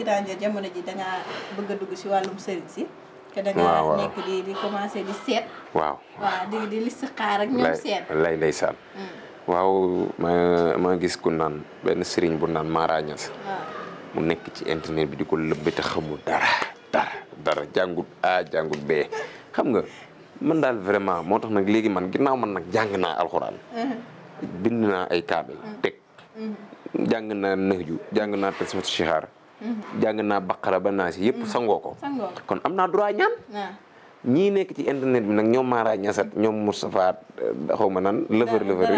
Grandeur jamono dugg si wàllum sëriñ si. te da nekk di di di seet. waaw lay ndeysaan. Hmm. waaw ma ma gis ku naan benn sëriñ bu naan Mara mu nekk ci internet bi di ko lëbbe te xamul dara dara dara jàngut A jàngut B xam nga man daal vraiment moo tax nag léegi man ginnaaw man nag jàng naa alxuraan. Hmm. bind naa ay kaabel hmm. teg. jàng naa naxju jàng naa tasmatu sixaar jàng naa baqara ba naa si yëpp mm. sangoo ko kon am naa droit ñaan ñii nekk ci internet bi nag ñoom Mara Niassat ñoom Moustapha xaw ma nan lëfër lëfër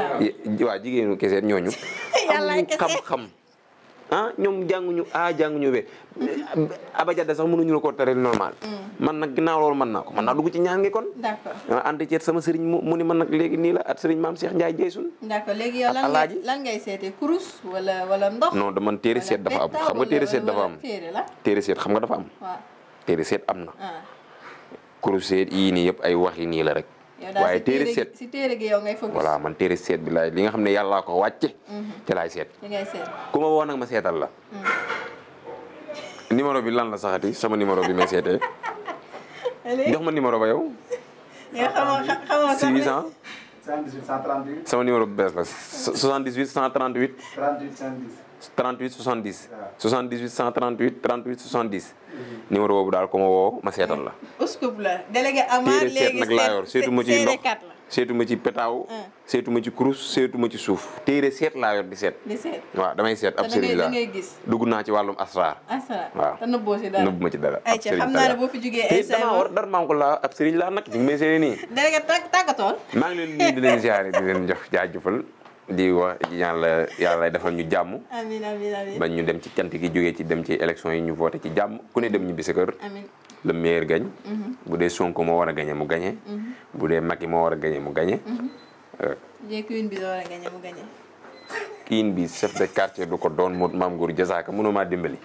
waa jigéenu keseet ñooñu amuñu xam-xam ah ñoom jànguñu A jànguñu B abajada sax mënuñu la ko tere normal. Mm. man na ginnaaw loolu mën na ko mën naa dugg ci ñaan ngi kon. d' accord ah, ànd sama seriñ mu ni man nag léegi nii la at sëriñ maam Cheikh Ndiaye Jeysun. léegi yow lan ngay lan ngay kurus wala wala ndox. non dama téere seet dafa am xam nga téere seet dafa am téere seet xam nga dafa am. waaw téere am na. Ah. kurus seet yii nii yëpp ay wax yi nii la rek. waaye téere seet si téere gi yow ngay focus voilà man téere seet bi laay li nga xam ne yàllaa ko wàcce te mhm. laay seet ku ma seetal la mhm. numéro bi lan la saxati sama numéro bi may seetee jox ma numéro ba yow si 800 138 138 sama numéro bu bees la 78 138 38 110 38 70. waaw 78 138 38 70. numéro boobu daal ko ma ma seetal la. uskub la délégué nag laa yor seetu ma ci ndox seetu ma ci pétaaw. Ah. seetu ma ci kurus seetu ma ci suuf. téere seet laa yor di seet. di waaw damay seet ab sëriñ la dugg naa ci wàllum asraar. asraar waaw te nëbboo si dara ma ci dara. ab sëriñ xam naa ne boo fi laa ab sëriñ laa nag ngi may seeni nii. délégué tàggatool. maa ngi leen di nuyu di leen di wax yàlla yàlla defal ñu jàmm. amiin ñu dem ci cant gi jógee ci dem ci élection yi ñu voté ci jàmm ku ne dem ñibbi sa kër. amiin le meilleur mhm. bu dee Sonko moo war a gañe mu gañe. Mhm. bu dee Macky moo war a gañe mu gañe. jéeg kiin bi moo war a gañe mu gañe. kiin bi chef de quartier du ko doon Maam Ngor Jazaaka mënoo maa dimbali.